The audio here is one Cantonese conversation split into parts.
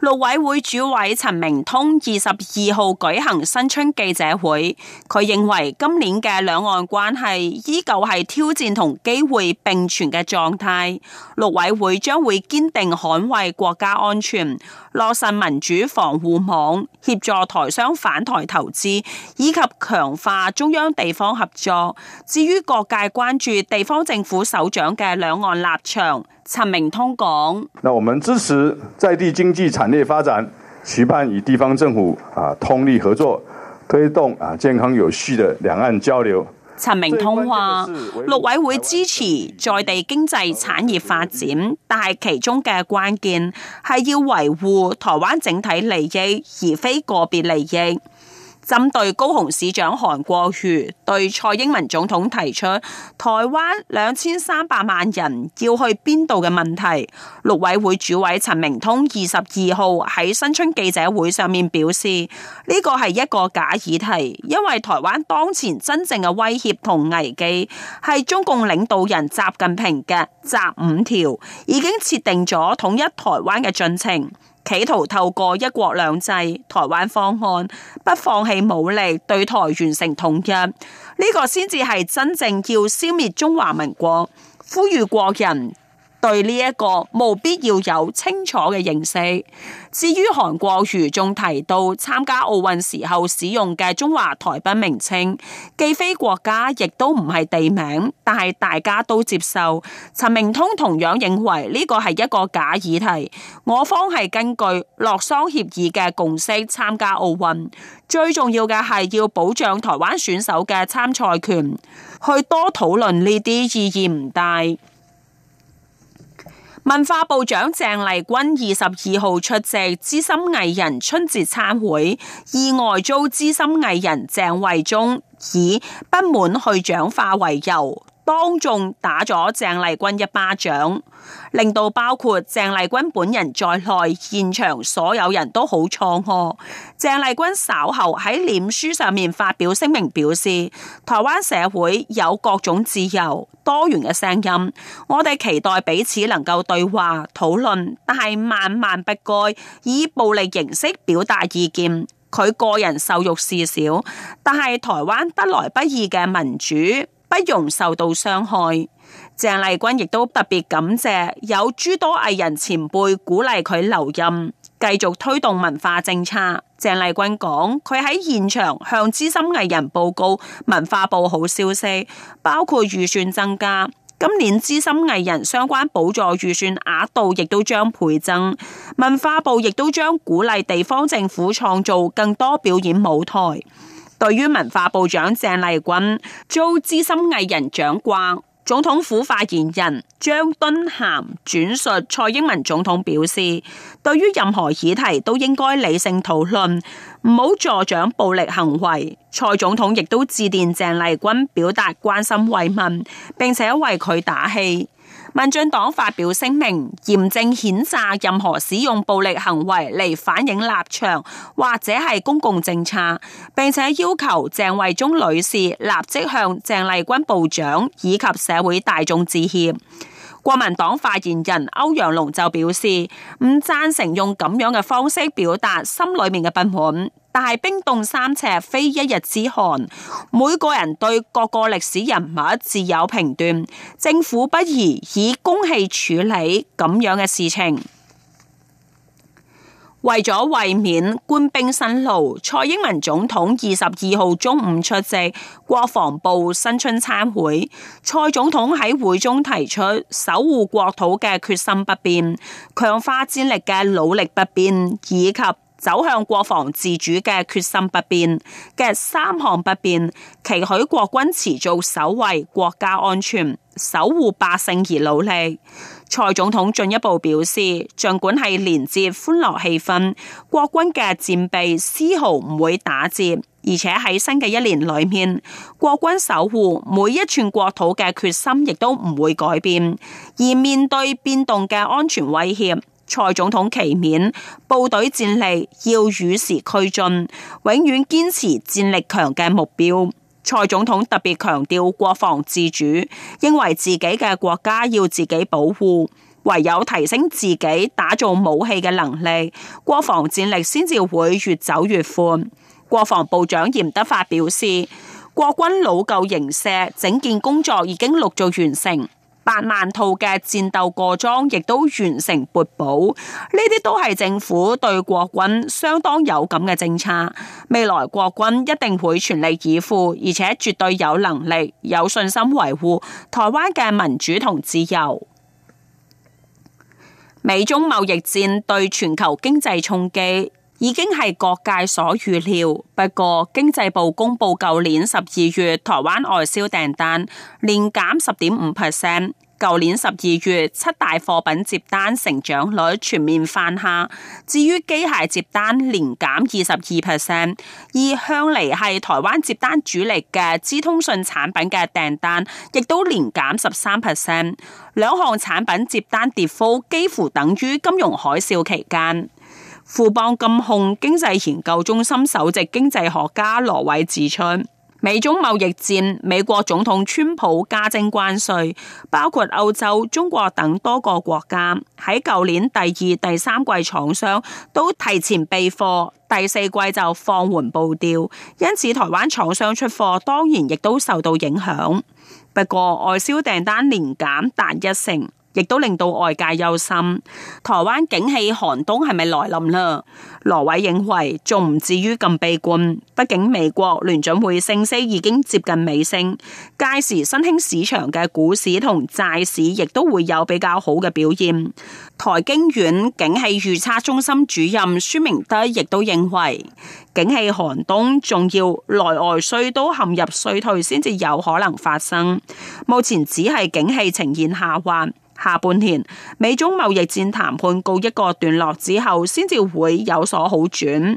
陸委會主委陳明通二十二號舉行新春記者會，佢認為今年嘅兩岸關係依舊係挑戰同機會並存嘅狀態。陸委會將會堅定捍衛國家安全、落實民主防護網、協助台商返台投資以及強化中央地方合作。至於各界關注地方政府首長嘅兩岸立場。陳明通講：我們支持在地經濟產業發展，期盼與地方政府啊通力合作，推動啊健康有序的兩岸交流。陳明通話：陸委會支持在地經濟產業發展，但係其中嘅關鍵係要維護台灣整體利益，而非個別利益。針對高雄市長韓國瑜對蔡英文總統提出台灣兩千三百萬人要去邊度嘅問題，陸委會主委陳明通二十二號喺新春記者會上面表示，呢、這個係一個假議題，因為台灣當前真正嘅威脅同危機係中共領導人習近平嘅習五條已經設定咗統一台灣嘅進程。企圖透過一國兩制、台灣方案，不放棄武力對台完成統一，呢、這個先至係真正要消滅中華民國，呼籲國人。對呢一個無必要有清楚嘅認識。至於韓國瑜仲提到參加奧運時候使用嘅中華台北名稱，既非國家亦都唔係地名，但係大家都接受。陳明通同樣認為呢個係一個假議題。我方係根據洛桑協議嘅共識參加奧運，最重要嘅係要保障台灣選手嘅參賽權，去多討論呢啲意義唔大。文化部長鄭麗君二十二號出席資深藝人春節餐會，意外遭資深藝人鄭惠中以不滿去蔣化為由，當眾打咗鄭麗君一巴掌，令到包括鄭麗君本人在內，現場所有人都好錯愕。鄭麗君稍後喺臉書上面發表聲明，表示台灣社會有各種自由多元嘅聲音，我哋期待彼此能夠對話討論，但係萬萬不該以暴力形式表達意見。佢個人受辱事小，但係台灣得來不易嘅民主。不容受到傷害。鄭麗君亦都特別感謝有諸多藝人前輩鼓勵佢留任，繼續推動文化政策。鄭麗君講：佢喺現場向資深藝人報告文化部好消息，包括預算增加。今年資深藝人相關補助預算額度亦都將倍增。文化部亦都將鼓勵地方政府創造更多表演舞台。對於文化部長鄭麗君遭資深藝人掌摑，總統府發言人張敦涵轉述蔡英文總統表示：對於任何議題都應該理性討論，唔好助長暴力行為。蔡總統亦都致電鄭麗君表達關心慰問，並且為佢打氣。民進黨發表聲明，嚴正譴責任何使用暴力行為嚟反映立場或者係公共政策，並且要求鄭惠中女士立即向鄭麗君部長以及社會大眾致歉。國民黨發言人歐陽龍就表示，唔贊成用咁樣嘅方式表達心裏面嘅不滿。但係冰凍三尺，非一日之寒。每個人對各個歷史人物自有評斷，政府不宜以公器處理咁樣嘅事情。為咗慰勉官兵辛勞，蔡英文總統二十二號中午出席國防部新春參會。蔡總統喺會中提出守護國土嘅決心不變，強化戰力嘅努力不變，以及。走向國防自主嘅決心不變，嘅三項不變，期許國軍持續守衛國家安全、守護百姓而努力。蔡總統進一步表示，儘管係連接歡樂氣氛，國軍嘅戰備絲毫唔會打折，而且喺新嘅一年裏面，國軍守護每一寸國土嘅決心亦都唔會改變，而面對變動嘅安全威脅。蔡總統慰勉，部隊戰力要與時俱進，永遠堅持戰力強嘅目標。蔡總統特別強調國防自主，因為自己嘅國家要自己保護，唯有提升自己打造武器嘅能力，國防戰力先至會越走越寬。國防部長嚴德發表示，國軍老舊營舍整建工作已經陸續完成。八萬套嘅戰鬥過裝亦都完成撥補，呢啲都係政府對國軍相當有感嘅政策。未來國軍一定會全力以赴，而且絕對有能力、有信心維護台灣嘅民主同自由。美中貿易戰對全球經濟衝擊。已經係各界所預料，不過經濟部公布舊年十二月台灣外銷訂單年減十點五 percent，舊年十二月七大貨品接單成長率全面翻下，至於機械接單年減二十二 percent，而向嚟係台灣接單主力嘅資通訊產品嘅訂單亦都年減十三 percent，兩項產品接單跌幅幾乎等於金融海嘯期間。富邦金控經濟研究中心首席經濟學家羅偉指出，美中貿易戰、美國總統川普加徵關稅，包括歐洲、中國等多個國家喺舊年第二、第三季廠商都提前備貨，第四季就放緩步調，因此台灣廠商出貨當然亦都受到影響。不過外銷訂單年減達一成。亦都令到外界憂心，台灣景氣寒冬係咪來臨啦？羅偉認為仲唔至於咁悲觀，畢竟美國聯準會升息已經接近尾聲，屆時新興市場嘅股市同債市亦都會有比較好嘅表現。台經院景氣預測中心主任孫明德亦都認為，景氣寒冬仲要內外需都陷入衰退先至有可能發生，目前只係景氣呈現下滑。下半年，美中貿易戰談判告一個段落之後先至會有所好轉。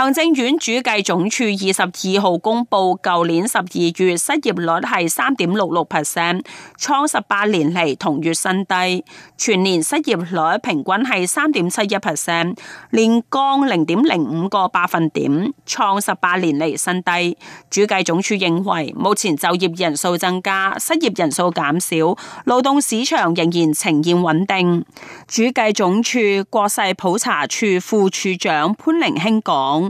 行政院主計總處二十二號公布，舊年十二月失業率係三點六六 percent 創十八年嚟同月新低。全年失業率平均係三點七一 percent，年降零點零五個百分點，創十八年嚟新低。主計總處認為，目前就業人數增加，失業人數減少，勞動市場仍然呈現穩定。主計總處國勢普查處副處長潘寧興講。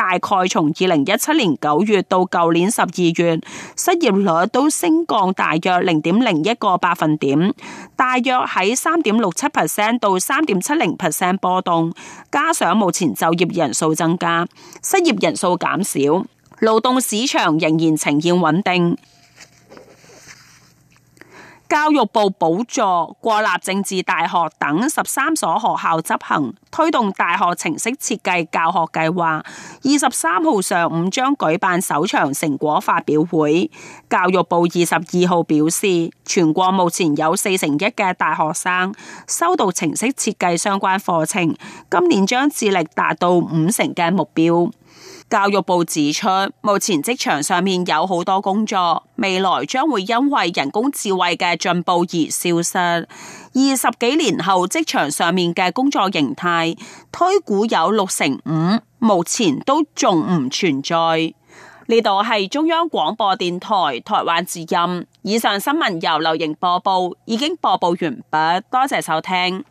大概從二零一七年九月到舊年十二月，失業率都升降大約零點零一個百分點，大約喺三點六七 percent 到三點七零 percent 波動。加上目前就業人數增加，失業人數減少，勞動市場仍然呈現穩定。教育部補助國立政治大學等十三所學校執行推動大學程式設計教學計劃，二十三號上午將舉辦首場成果發表會。教育部二十二號表示，全國目前有四成一嘅大學生修讀程式設計相關課程，今年將致力達到五成嘅目標。教育部指出，目前職場上面有好多工作，未來將會因為人工智慧嘅進步而消失。二十幾年後，職場上面嘅工作形態，推估有六成五，目前都仲唔存在。呢度係中央廣播電台台灣之音。以上新聞由流瑩播報，已經播報完畢，多謝收聽。